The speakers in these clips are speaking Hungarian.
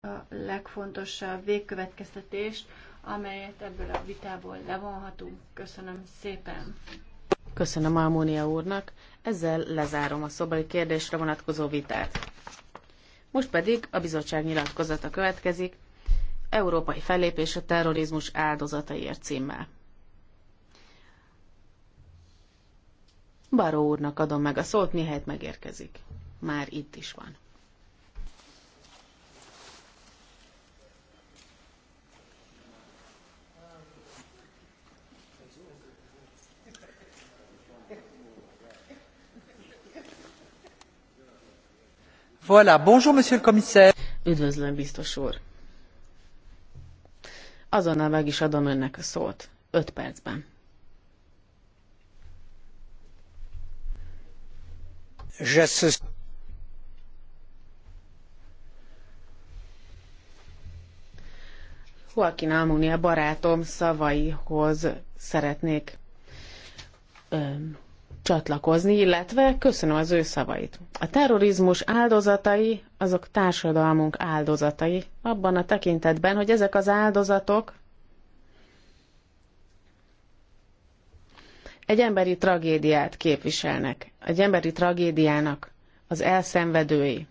a legfontosabb végkövetkeztetést, amelyet ebből a vitából levonhatunk. Köszönöm szépen! Köszönöm Almónia úrnak, ezzel lezárom a szobai kérdésre vonatkozó vitát. Most pedig a bizottság nyilatkozata következik, Európai fellépés a terrorizmus áldozataiért címmel. Baró úrnak adom meg a szót, mihelyt megérkezik. Már itt is van. Üdvözlöm, biztos úr. Azonnal meg is adom önnek a szót. Öt percben. J'associe. Joaquin Almunia barátom szavaihoz szeretnék öm, csatlakozni, illetve köszönöm az ő szavait. A terrorizmus áldozatai azok társadalmunk áldozatai, abban a tekintetben, hogy ezek az áldozatok egy emberi tragédiát képviselnek, egy emberi tragédiának az elszenvedői.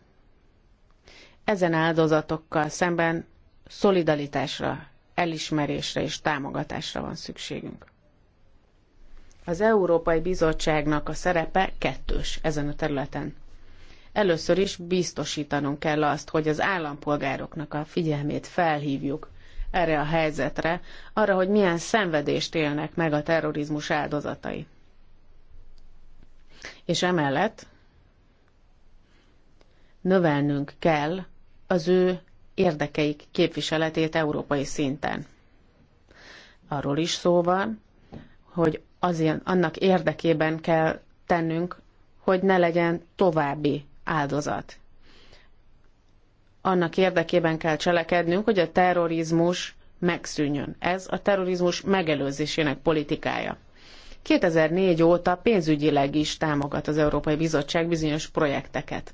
Ezen áldozatokkal szemben szolidaritásra, elismerésre és támogatásra van szükségünk. Az Európai Bizottságnak a szerepe kettős ezen a területen. Először is biztosítanunk kell azt, hogy az állampolgároknak a figyelmét felhívjuk erre a helyzetre, arra, hogy milyen szenvedést élnek meg a terrorizmus áldozatai. És emellett növelnünk kell az ő érdekeik képviseletét európai szinten. Arról is szó van, hogy az ilyen, annak érdekében kell tennünk, hogy ne legyen további áldozat. Annak érdekében kell cselekednünk, hogy a terrorizmus megszűnjön. Ez a terrorizmus megelőzésének politikája. 2004 óta pénzügyileg is támogat az Európai Bizottság bizonyos projekteket.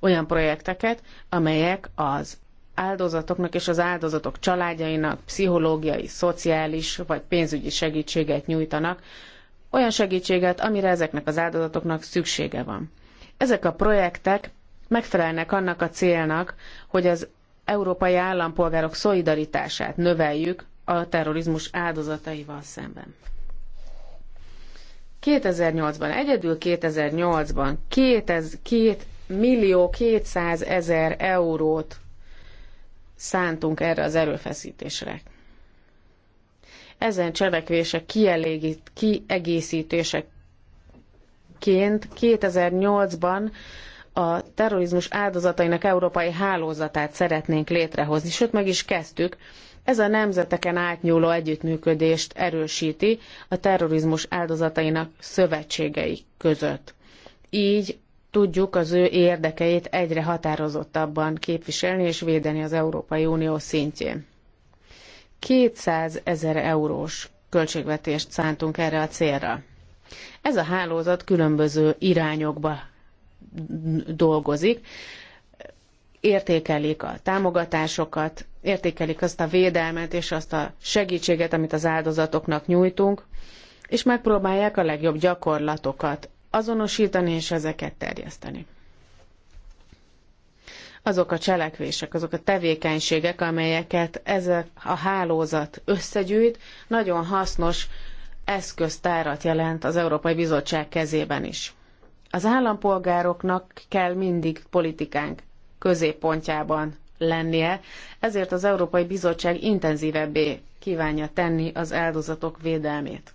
Olyan projekteket, amelyek az áldozatoknak és az áldozatok családjainak pszichológiai, szociális vagy pénzügyi segítséget nyújtanak, olyan segítséget, amire ezeknek az áldozatoknak szüksége van. Ezek a projektek megfelelnek annak a célnak, hogy az európai állampolgárok szolidaritását növeljük a terrorizmus áldozataival szemben. 2008-ban, egyedül 2008-ban 2 millió 200 ezer eurót szántunk erre az erőfeszítésre. Ezen cselekvések kielégít, kiegészítéseként 2008-ban a terrorizmus áldozatainak európai hálózatát szeretnénk létrehozni, sőt meg is kezdtük. Ez a nemzeteken átnyúló együttműködést erősíti a terrorizmus áldozatainak szövetségei között. Így tudjuk az ő érdekeit egyre határozottabban képviselni és védeni az Európai Unió szintjén. 200 ezer eurós költségvetést szántunk erre a célra. Ez a hálózat különböző irányokba dolgozik, értékelik a támogatásokat, értékelik azt a védelmet és azt a segítséget, amit az áldozatoknak nyújtunk, és megpróbálják a legjobb gyakorlatokat azonosítani és ezeket terjeszteni. Azok a cselekvések, azok a tevékenységek, amelyeket ez a hálózat összegyűjt, nagyon hasznos eszköztárat jelent az Európai Bizottság kezében is. Az állampolgároknak kell mindig politikánk középpontjában lennie, ezért az Európai Bizottság intenzívebbé kívánja tenni az áldozatok védelmét.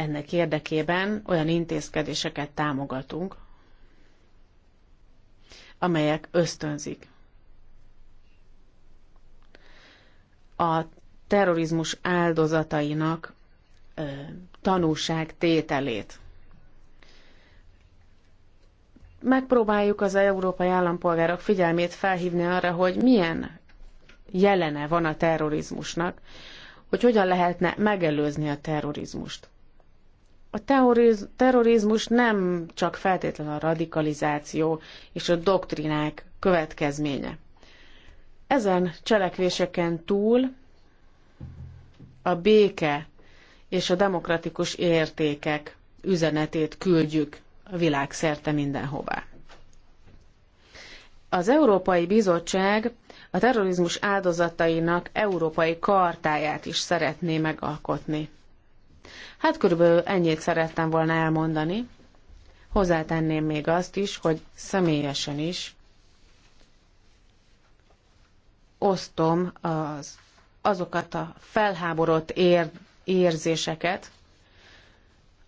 Ennek érdekében olyan intézkedéseket támogatunk, amelyek ösztönzik a terrorizmus áldozatainak ö, tanúság tételét. Megpróbáljuk az európai állampolgárok figyelmét felhívni arra, hogy milyen jelene van a terrorizmusnak, hogy hogyan lehetne megelőzni a terrorizmust a teoriz, terrorizmus nem csak feltétlenül a radikalizáció és a doktrinák következménye. Ezen cselekvéseken túl a béke és a demokratikus értékek üzenetét küldjük a világ szerte mindenhová. Az Európai Bizottság a terrorizmus áldozatainak európai kartáját is szeretné megalkotni. Hát körülbelül ennyit szerettem volna elmondani. Hozzátenném még azt is, hogy személyesen is osztom az, azokat a felháborott ér, érzéseket,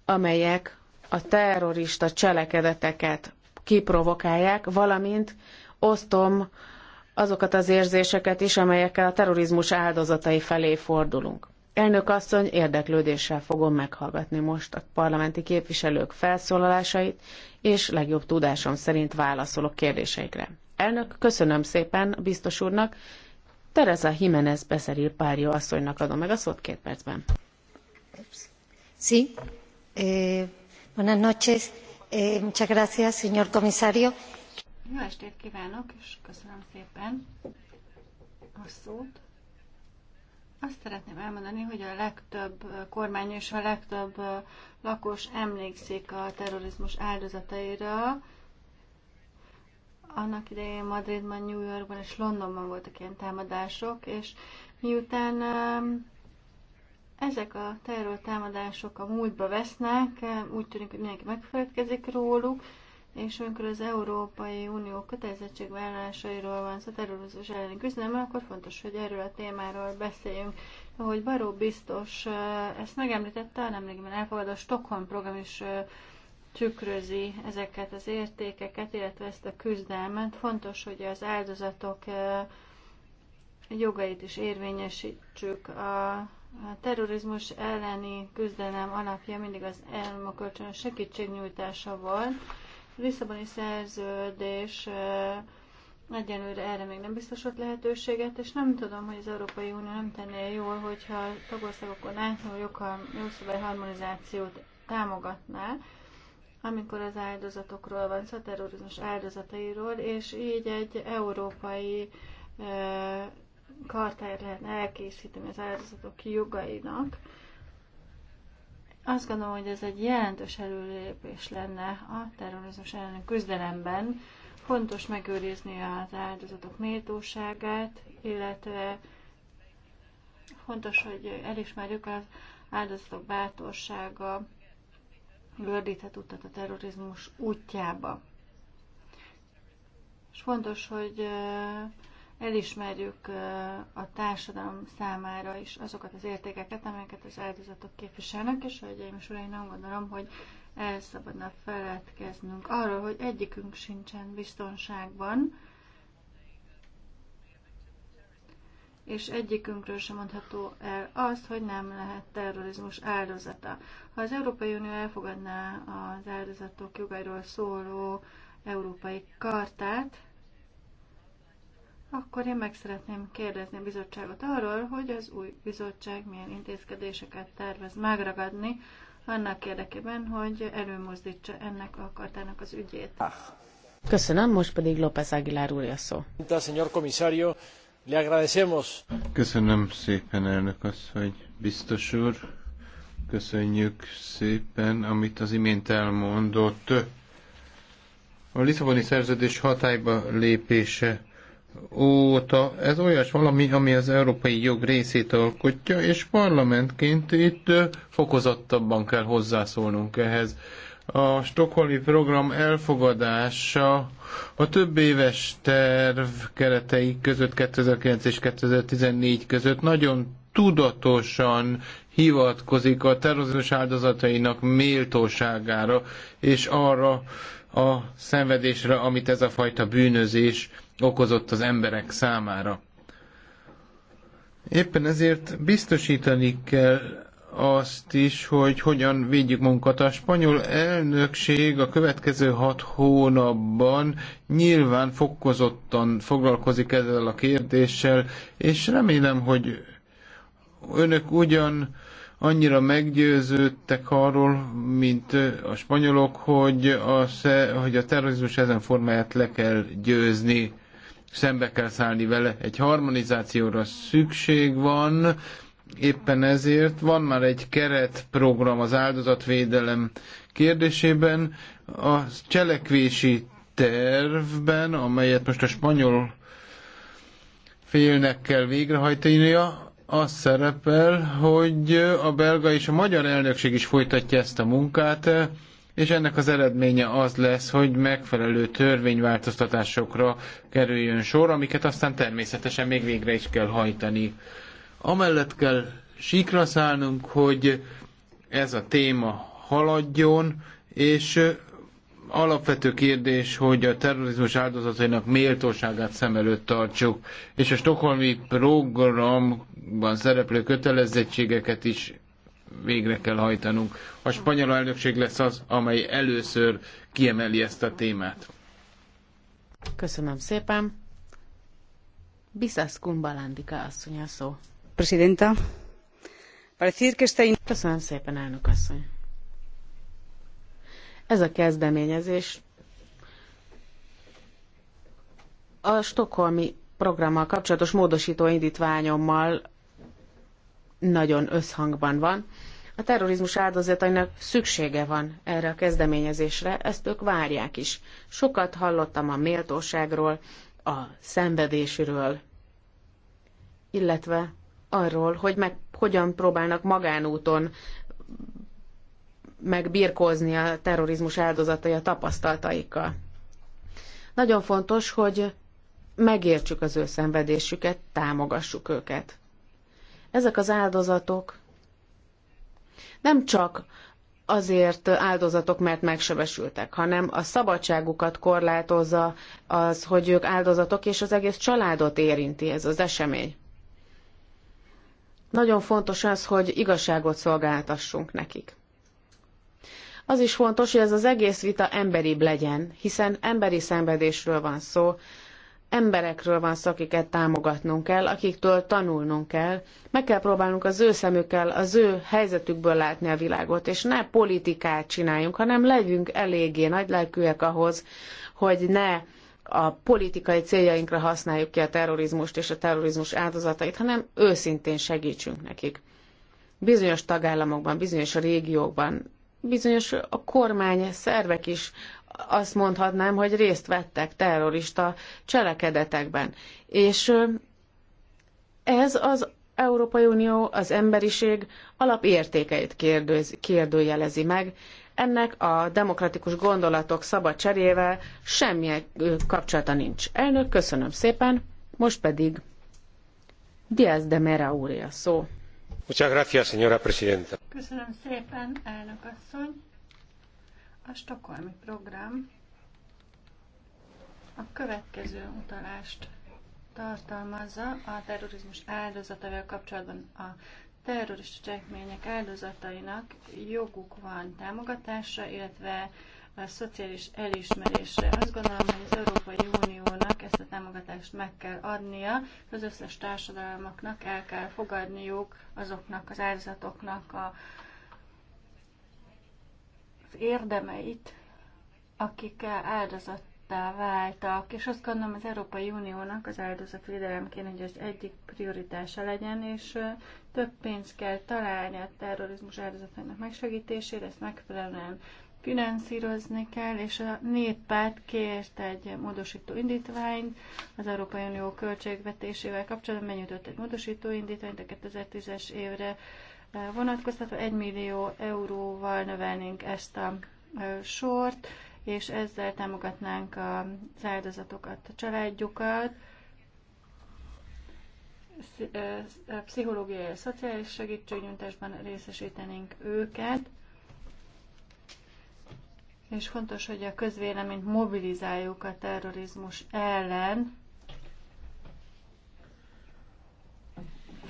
amelyek a terrorista cselekedeteket kiprovokálják, valamint osztom azokat az érzéseket is, amelyekkel a terrorizmus áldozatai felé fordulunk. Elnök asszony, érdeklődéssel fogom meghallgatni most a parlamenti képviselők felszólalásait, és legjobb tudásom szerint válaszolok kérdéseikre. Elnök, köszönöm szépen biztos úrnak. Teresa Jiménez Beszeril párja asszonynak adom meg a szót két percben. Sí. Eh, buenas noches. Eh, muchas gracias, señor comisario. Jó estét kívánok, és köszönöm szépen a szót. Azt szeretném elmondani, hogy a legtöbb kormány és a legtöbb lakos emlékszik a terrorizmus áldozataira. Annak idején Madridban, New Yorkban és Londonban voltak ilyen támadások, és miután ezek a terror támadások a múltba vesznek, úgy tűnik, hogy mindenki megfelelkezik róluk, és amikor az Európai Unió kötelezettségvállalásairól van szó terrorizmus elleni küzdelme, akkor fontos, hogy erről a témáról beszéljünk. Ahogy Baró biztos ezt megemlítette, nemrégiben elfogadott Stockholm program is tükrözi ezeket az értékeket, illetve ezt a küzdelmet. Fontos, hogy az áldozatok jogait is érvényesítsük. A terrorizmus elleni küzdelem alapja mindig az elmakölcsönös segítségnyújtása volt, Lisszaboni szerződés egyenlőre erre még nem biztosott lehetőséget, és nem tudom, hogy az Európai Unió nem tenné jól, hogyha a tagországokon átnyúló jogszabály harmonizációt támogatná, amikor az áldozatokról van szó, a terrorizmus áldozatairól, és így egy európai e, kartáját lehetne elkészíteni az áldozatok jogainak, azt gondolom, hogy ez egy jelentős előlépés lenne a terrorizmus elleni küzdelemben. Fontos megőrizni az áldozatok méltóságát, illetve fontos, hogy elismerjük az áldozatok bátorsága gördíthet utat a terrorizmus útjába. És fontos, hogy elismerjük a társadalom számára is azokat az értékeket, amelyeket az áldozatok képviselnek, és hölgyeim és uraim, nem gondolom, hogy el szabadna feledkeznünk arról, hogy egyikünk sincsen biztonságban, és egyikünkről sem mondható el az, hogy nem lehet terrorizmus áldozata. Ha az Európai Unió elfogadná az áldozatok jogairól szóló európai kartát, akkor én meg szeretném kérdezni a bizottságot arról, hogy az új bizottság milyen intézkedéseket tervez megragadni annak érdekében, hogy előmozdítsa ennek a kartának az ügyét. Ah. Köszönöm, most pedig López Aguilar úr a szó. Köszönöm szépen, elnök asszony, biztos úr. Köszönjük szépen, amit az imént elmondott. A Lisszaboni szerződés hatályba lépése óta ez olyas valami, ami az európai jog részét alkotja, és parlamentként itt fokozottabban kell hozzászólnunk ehhez. A Stockholmi program elfogadása a több éves terv keretei között 2009 és 2014 között nagyon tudatosan hivatkozik a terrorizmus áldozatainak méltóságára, és arra a szenvedésre, amit ez a fajta bűnözés okozott az emberek számára. Éppen ezért biztosítani kell azt is, hogy hogyan védjük magunkat. A spanyol elnökség a következő hat hónapban nyilván fokozottan foglalkozik ezzel a kérdéssel, és remélem, hogy önök ugyan annyira meggyőződtek arról, mint a spanyolok, hogy a, hogy a terrorizmus ezen formáját le kell győzni szembe kell szállni vele. Egy harmonizációra szükség van, éppen ezért van már egy keretprogram az áldozatvédelem kérdésében. A cselekvési tervben, amelyet most a spanyol félnek kell végrehajtania, az szerepel, hogy a belga és a magyar elnökség is folytatja ezt a munkát és ennek az eredménye az lesz, hogy megfelelő törvényváltoztatásokra kerüljön sor, amiket aztán természetesen még végre is kell hajtani. Amellett kell síkra szállnunk, hogy ez a téma haladjon, és alapvető kérdés, hogy a terrorizmus áldozatainak méltóságát szem előtt tartsuk, és a stokholmi programban szereplő kötelezettségeket is végre kell hajtanunk. A spanyol elnökség lesz az, amely először kiemeli ezt a témát. Köszönöm szépen. Biszász Kumbalandika asszony a szó. Presidenta, Köszönöm szépen, elnök asszony. Ez a kezdeményezés a stokholmi programmal kapcsolatos módosító indítványommal nagyon összhangban van. A terrorizmus áldozatainak szüksége van erre a kezdeményezésre, ezt ők várják is. Sokat hallottam a méltóságról, a szenvedésről, illetve arról, hogy meg hogyan próbálnak magánúton megbirkózni a terrorizmus áldozatai a tapasztalataikkal. Nagyon fontos, hogy megértsük az ő szenvedésüket, támogassuk őket. Ezek az áldozatok nem csak azért áldozatok, mert megsebesültek, hanem a szabadságukat korlátozza az, hogy ők áldozatok, és az egész családot érinti ez az esemény. Nagyon fontos az, hogy igazságot szolgáltassunk nekik. Az is fontos, hogy ez az egész vita emberibb legyen, hiszen emberi szenvedésről van szó, emberekről van szó, akiket támogatnunk kell, akiktől tanulnunk kell. Meg kell próbálnunk az ő szemükkel, az ő helyzetükből látni a világot, és ne politikát csináljunk, hanem legyünk eléggé nagylelkűek ahhoz, hogy ne a politikai céljainkra használjuk ki a terrorizmust és a terrorizmus áldozatait, hanem őszintén segítsünk nekik. Bizonyos tagállamokban, bizonyos régiókban, bizonyos a kormány szervek is azt mondhatnám, hogy részt vettek terrorista cselekedetekben. És ez az Európai Unió, az emberiség alapértékeit kérdőz, kérdőjelezi meg. Ennek a demokratikus gondolatok szabad cserével semmilyen kapcsolata nincs. Elnök, köszönöm szépen, most pedig Diaz de Mera úr a szó. Muchas gracias, señora presidenta. Köszönöm szépen, elnök asszony. A stokholmi program a következő utalást tartalmazza a terrorizmus áldozatával kapcsolatban a terrorista cselekmények áldozatainak joguk van támogatásra, illetve a szociális elismerésre. Azt gondolom, hogy az Európai Uniónak ezt a támogatást meg kell adnia, az összes társadalmaknak el kell fogadniuk azoknak az áldozatoknak a az érdemeit, akik áldozattá váltak, és azt gondolom az Európai Uniónak az áldozatvédelem kéne, hogy az egyik prioritása legyen, és több pénzt kell találni a terrorizmus áldozatainak megsegítésére, ezt megfelelően finanszírozni kell, és a néppárt kért egy módosító indítványt az Európai Unió költségvetésével kapcsolatban, benyújtott egy módosító indítványt a 2010-es évre, vonatkoztató 1 millió euróval növelnénk ezt a sort, és ezzel támogatnánk az áldozatokat, a családjukat, pszichológiai és szociális segítségnyújtásban részesítenénk őket, és fontos, hogy a közvéleményt mobilizáljuk a terrorizmus ellen,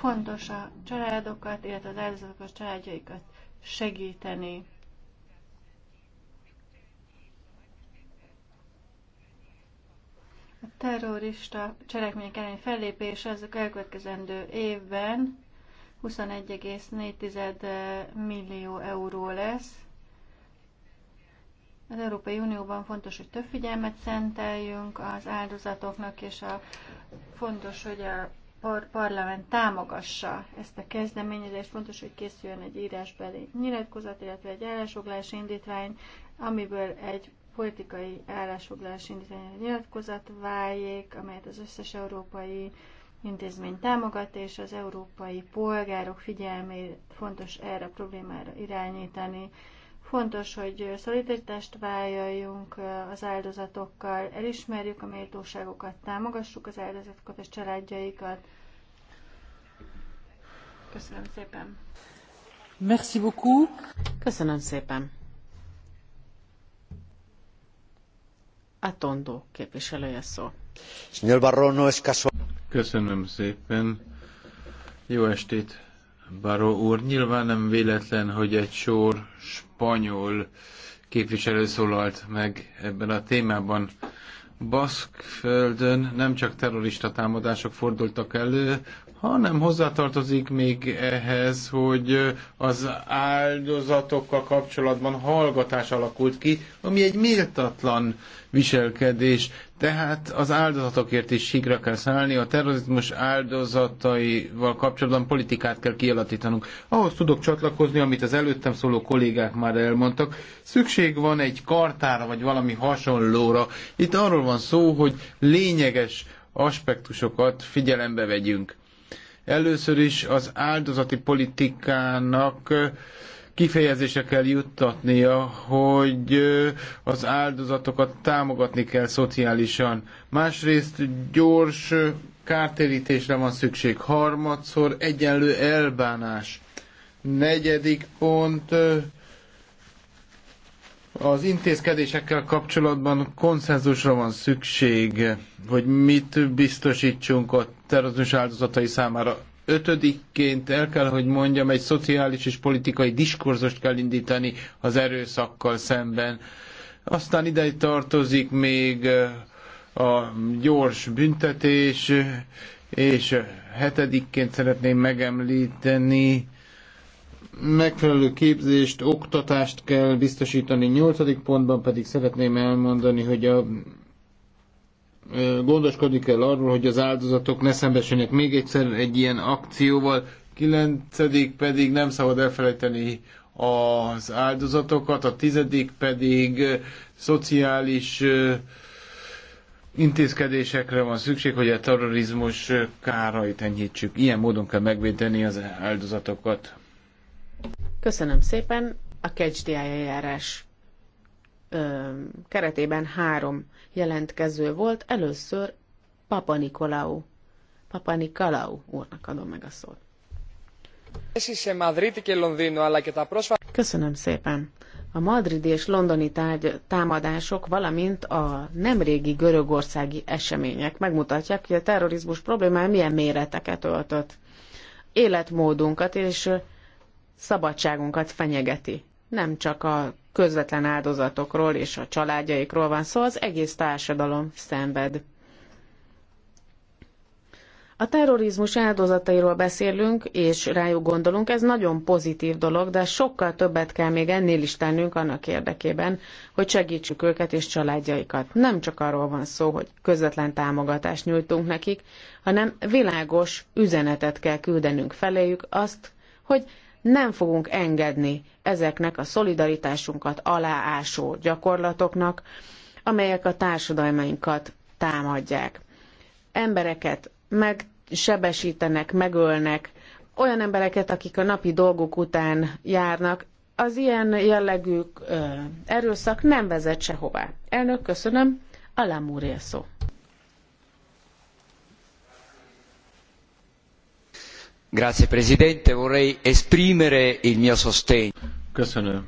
Fontos a családokat, illetve az áldozatokat, családjaikat segíteni. A terrorista cselekmények elleni fellépés az a elkövetkezendő évben 21,4 eh, millió euró lesz. Az Európai Unióban fontos, hogy több figyelmet szenteljünk az áldozatoknak, és a, fontos, hogy a par- parlament támogassa ezt a kezdeményezést, fontos, hogy készüljön egy írásbeli nyilatkozat, illetve egy állásfoglalási indítvány, amiből egy politikai állásfoglalási indítvány nyilatkozat váljék, amelyet az összes európai intézmény támogat, és az európai polgárok figyelmét fontos erre a problémára irányítani, Fontos, hogy szolidaritást vállaljunk az áldozatokkal, elismerjük a méltóságokat, támogassuk az áldozatokat és családjaikat. Köszönöm szépen. Merci beaucoup. Köszönöm szépen. Atondo képviselője szó. Señor es Köszönöm szépen. Jó estét Baró úr, nyilván nem véletlen, hogy egy sor spanyol képviselő szólalt meg ebben a témában. Baszkföldön nem csak terrorista támadások fordultak elő, hanem hozzátartozik még ehhez, hogy az áldozatokkal kapcsolatban hallgatás alakult ki, ami egy méltatlan viselkedés. Tehát az áldozatokért is hígra kell szállni, a terrorizmus áldozataival kapcsolatban politikát kell kialakítanunk. Ahhoz tudok csatlakozni, amit az előttem szóló kollégák már elmondtak. Szükség van egy kartára, vagy valami hasonlóra. Itt arról van szó, hogy lényeges aspektusokat figyelembe vegyünk Először is az áldozati politikának kifejezése kell juttatnia, hogy az áldozatokat támogatni kell szociálisan. Másrészt gyors kártérítésre van szükség. Harmadszor egyenlő elbánás. Negyedik pont az intézkedésekkel kapcsolatban konszenzusra van szükség, hogy mit biztosítsunk a terrorizmus áldozatai számára. Ötödikként el kell, hogy mondjam, egy szociális és politikai diskurzust kell indítani az erőszakkal szemben. Aztán ide tartozik még eh, a gyors büntetés, és hetedikként szeretném megemlíteni megfelelő képzést, oktatást kell biztosítani. Nyolcadik pontban pedig szeretném elmondani, hogy a gondoskodni kell arról, hogy az áldozatok ne szembesüljenek még egyszer egy ilyen akcióval. Kilencedik pedig nem szabad elfelejteni az áldozatokat, a tizedik pedig szociális intézkedésekre van szükség, hogy a terrorizmus kárait enyhítsük. Ilyen módon kell megvédeni az áldozatokat. Köszönöm szépen. A kecsdi eljárás ö, keretében három jelentkező volt. Először Papa Nikolau. Papa Nikolau úrnak adom meg a szót. Köszönöm szépen. A madridi és londoni tárgy, támadások, valamint a nemrégi görögországi események megmutatják, hogy a terrorizmus problémája milyen méreteket öltött életmódunkat és szabadságunkat fenyegeti. Nem csak a közvetlen áldozatokról és a családjaikról van szó, az egész társadalom szenved. A terrorizmus áldozatairól beszélünk, és rájuk gondolunk, ez nagyon pozitív dolog, de sokkal többet kell még ennél is tennünk annak érdekében, hogy segítsük őket és családjaikat. Nem csak arról van szó, hogy közvetlen támogatást nyújtunk nekik, hanem világos üzenetet kell küldenünk feléjük azt, hogy nem fogunk engedni ezeknek a szolidaritásunkat aláásó gyakorlatoknak, amelyek a társadalmainkat támadják. Embereket megsebesítenek, megölnek, olyan embereket, akik a napi dolgok után járnak, az ilyen jellegű erőszak nem vezet sehová. Elnök, köszönöm. Alámúr szó. Grazie Presidente, vorrei esprimere il mio sostegno. Köszönöm,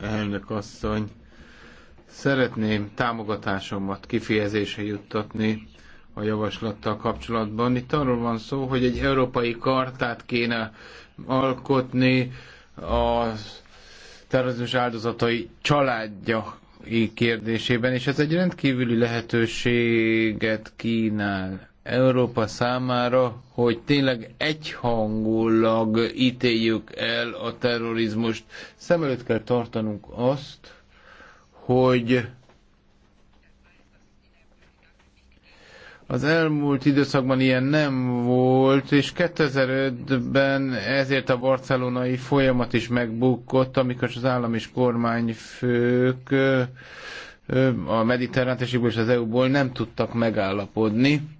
elnök asszony. Szeretném támogatásomat kifejezésre juttatni a javaslattal kapcsolatban. Itt arról van szó, hogy egy európai kartát kéne alkotni a terrorizmus áldozatai családja kérdésében, és ez egy rendkívüli lehetőséget kínál Európa számára, hogy tényleg egyhangulag ítéljük el a terrorizmust. Szem előtt kell tartanunk azt, hogy az elmúlt időszakban ilyen nem volt, és 2005-ben ezért a barcelonai folyamat is megbukott, amikor az állam és kormányfők a mediterrán és az EU-ból nem tudtak megállapodni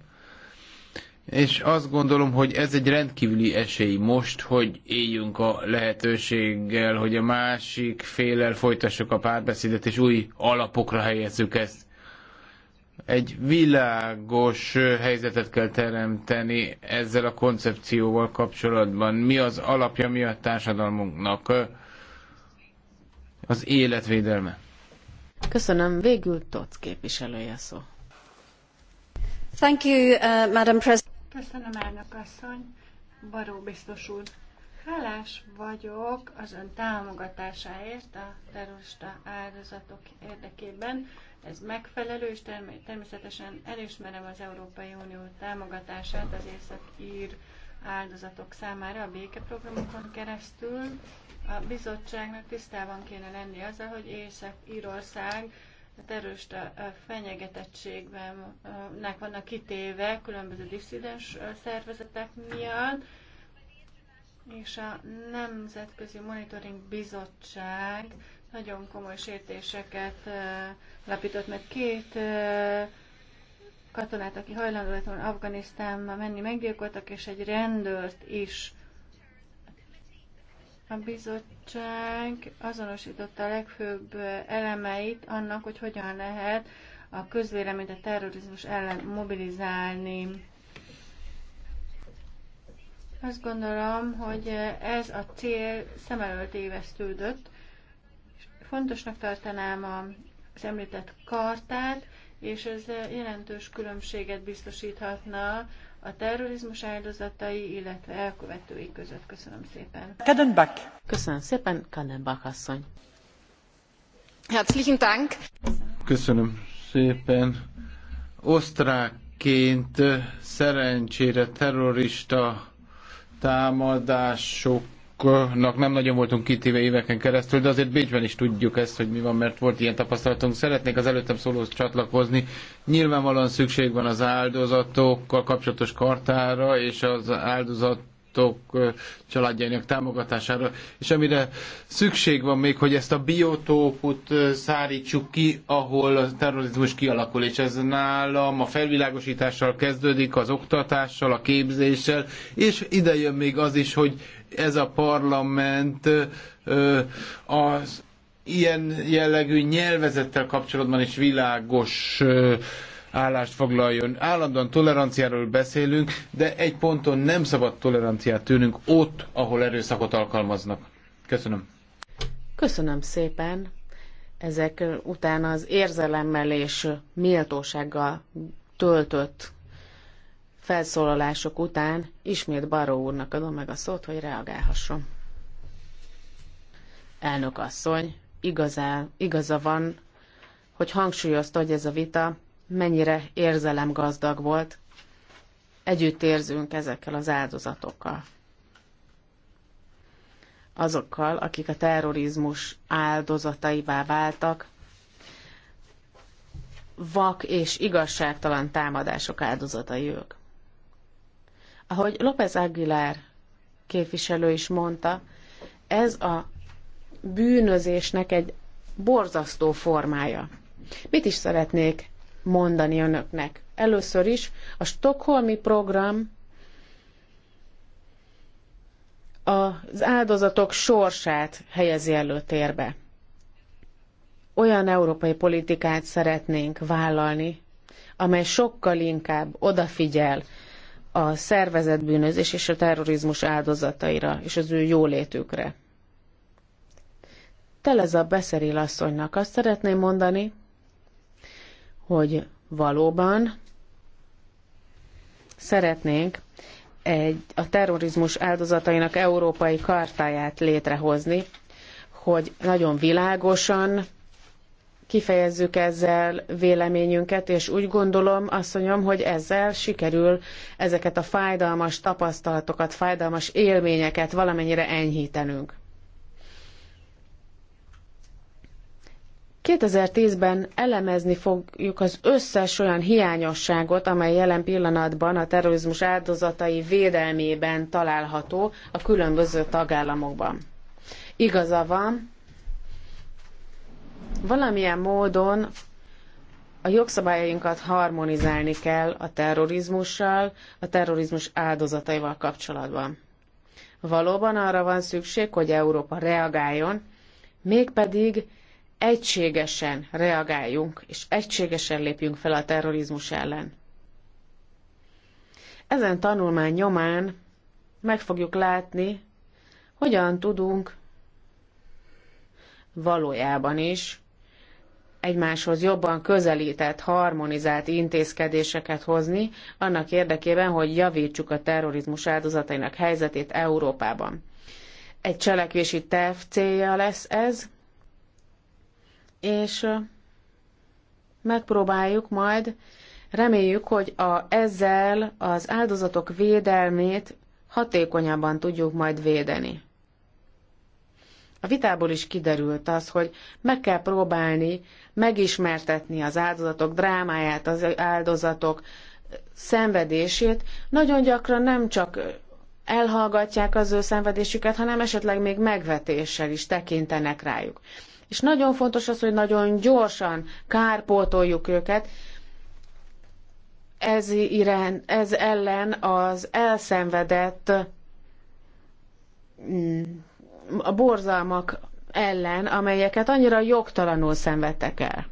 és azt gondolom, hogy ez egy rendkívüli esély most, hogy éljünk a lehetőséggel, hogy a másik félel folytassuk a párbeszédet, és új alapokra helyezzük ezt. Egy világos helyzetet kell teremteni ezzel a koncepcióval kapcsolatban. Mi az alapja, mi a társadalmunknak? Az életvédelme. Köszönöm. Végül Tocz képviselője szó. Thank you, uh, Madam President. Köszönöm, elnök asszony. Baró biztos úr. Hálás vagyok az ön támogatásáért a terrorista áldozatok érdekében. Ez megfelelő, és természetesen elismerem az Európai Unió támogatását az észak-ír áldozatok számára a békeprogramokon keresztül. A bizottságnak tisztában kéne lenni azzal, hogy Észak-Írország tehát erős fenyegetettségnek vannak kitéve különböző disszidens szervezetek miatt, és a Nemzetközi Monitoring Bizottság nagyon komoly sértéseket lapított mert két katonát, aki hajlandó lett volna Afganisztánba menni, meggyilkoltak, és egy rendőrt is a bizottság azonosította a legfőbb elemeit annak, hogy hogyan lehet a közvéleményt a terrorizmus ellen mobilizálni. Azt gondolom, hogy ez a cél szem előtt évesztődött. Fontosnak tartanám az említett kartát, és ez jelentős különbséget biztosíthatna a terrorizmus áldozatai, illetve elkövetői között. Köszönöm szépen. Kadenbach. Köszönöm szépen, Kadenbach asszony. Herzlichen Dank. Köszönöm szépen. Osztrákként szerencsére terrorista támadások kritériumoknak nem nagyon voltunk kitéve éveken keresztül, de azért Bécsben is tudjuk ezt, hogy mi van, mert volt ilyen tapasztalatunk. Szeretnék az előttem szólóhoz csatlakozni. Nyilvánvalóan szükség van az áldozatokkal kapcsolatos kartára és az áldozat birtok családjainak támogatására, és amire szükség van még, hogy ezt a biotópot szárítsuk ki, ahol a terrorizmus kialakul, és ez nálam a felvilágosítással kezdődik, az oktatással, a képzéssel, és ide jön még az is, hogy ez a parlament az ilyen jellegű nyelvezettel kapcsolatban is világos állást foglaljon. Állandóan toleranciáról beszélünk, de egy ponton nem szabad toleranciát tűnünk ott, ahol erőszakot alkalmaznak. Köszönöm. Köszönöm szépen. Ezek után az érzelemmel és méltósággal töltött felszólalások után ismét Baró úrnak adom meg a szót, hogy reagálhasson. Elnök asszony, igazá, igaza van, hogy hangsúlyozta, hogy ez a vita mennyire érzelemgazdag volt. Együtt érzünk ezekkel az áldozatokkal. Azokkal, akik a terrorizmus áldozataivá váltak, vak és igazságtalan támadások áldozatai ők. Ahogy López Aguilar képviselő is mondta, ez a bűnözésnek egy borzasztó formája. Mit is szeretnék mondani önöknek. Először is a Stockholmi program az áldozatok sorsát helyezi előtérbe. Olyan európai politikát szeretnénk vállalni, amely sokkal inkább odafigyel a szervezetbűnözés és a terrorizmus áldozataira és az ő jólétükre. Telez a beszerél asszonynak azt szeretném mondani, hogy valóban szeretnénk egy, a terrorizmus áldozatainak európai kartáját létrehozni, hogy nagyon világosan kifejezzük ezzel véleményünket, és úgy gondolom, asszonyom, hogy ezzel sikerül ezeket a fájdalmas tapasztalatokat, fájdalmas élményeket valamennyire enyhítenünk. 2010-ben elemezni fogjuk az összes olyan hiányosságot, amely jelen pillanatban a terrorizmus áldozatai védelmében található a különböző tagállamokban. Igaza van, valamilyen módon a jogszabályainkat harmonizálni kell a terrorizmussal, a terrorizmus áldozataival kapcsolatban. Valóban arra van szükség, hogy Európa reagáljon, mégpedig egységesen reagáljunk, és egységesen lépjünk fel a terrorizmus ellen. Ezen tanulmány nyomán meg fogjuk látni, hogyan tudunk valójában is egymáshoz jobban közelített, harmonizált intézkedéseket hozni, annak érdekében, hogy javítsuk a terrorizmus áldozatainak helyzetét Európában. Egy cselekvési terv célja lesz ez, és megpróbáljuk majd, reméljük, hogy a, ezzel az áldozatok védelmét hatékonyabban tudjuk majd védeni. A vitából is kiderült az, hogy meg kell próbálni megismertetni az áldozatok drámáját, az áldozatok szenvedését. Nagyon gyakran nem csak elhallgatják az ő szenvedésüket, hanem esetleg még megvetéssel is tekintenek rájuk és nagyon fontos az, hogy nagyon gyorsan kárpótoljuk őket. Ez, irán, ez ellen az elszenvedett mm, a borzalmak ellen, amelyeket annyira jogtalanul szenvedtek el.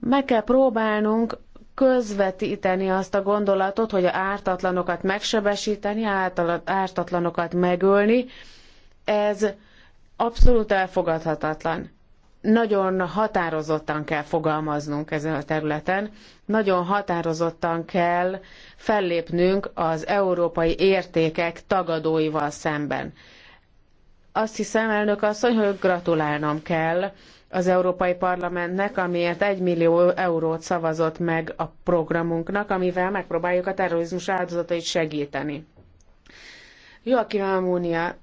Meg kell próbálnunk közvetíteni azt a gondolatot, hogy a ártatlanokat megsebesíteni, ártatlanokat megölni, ez abszolút elfogadhatatlan. Nagyon határozottan kell fogalmaznunk ezen a területen, nagyon határozottan kell fellépnünk az európai értékek tagadóival szemben. Azt hiszem, elnök asszony, hogy gratulálnom kell az Európai Parlamentnek, amiért egy millió eurót szavazott meg a programunknak, amivel megpróbáljuk a terrorizmus áldozatait segíteni. Joachim Almunia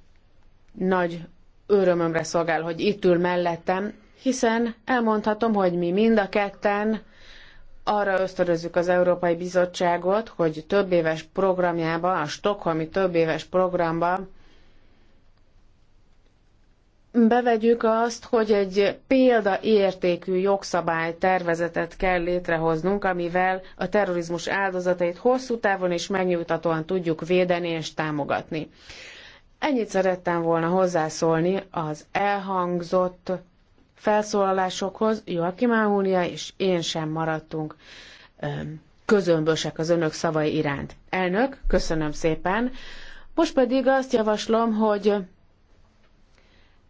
nagy örömömre szolgál, hogy itt ül mellettem, hiszen elmondhatom, hogy mi mind a ketten arra ösztönözzük az Európai Bizottságot, hogy több éves programjába, a Stockholmi több éves programba bevegyük azt, hogy egy példaértékű jogszabály tervezetet kell létrehoznunk, amivel a terrorizmus áldozatait hosszú távon és megnyugtatóan tudjuk védeni és támogatni. Ennyit szerettem volna hozzászólni az elhangzott felszólalásokhoz. Joachim Ámúnia és én sem maradtunk közömbösek az önök szavai iránt. Elnök, köszönöm szépen. Most pedig azt javaslom, hogy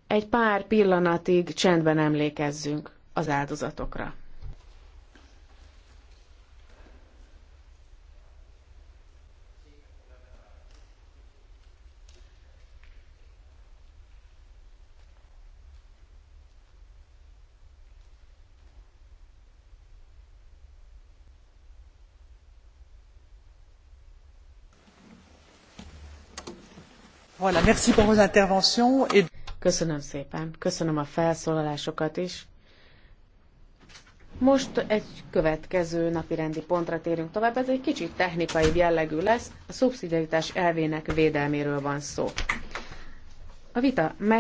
egy pár pillanatig csendben emlékezzünk az áldozatokra. Köszönöm szépen, köszönöm a felszólalásokat is. Most egy következő napirendi pontra térünk tovább, ez egy kicsit technikai jellegű lesz, a szubszidiaritás elvének védelméről van szó. A vita meg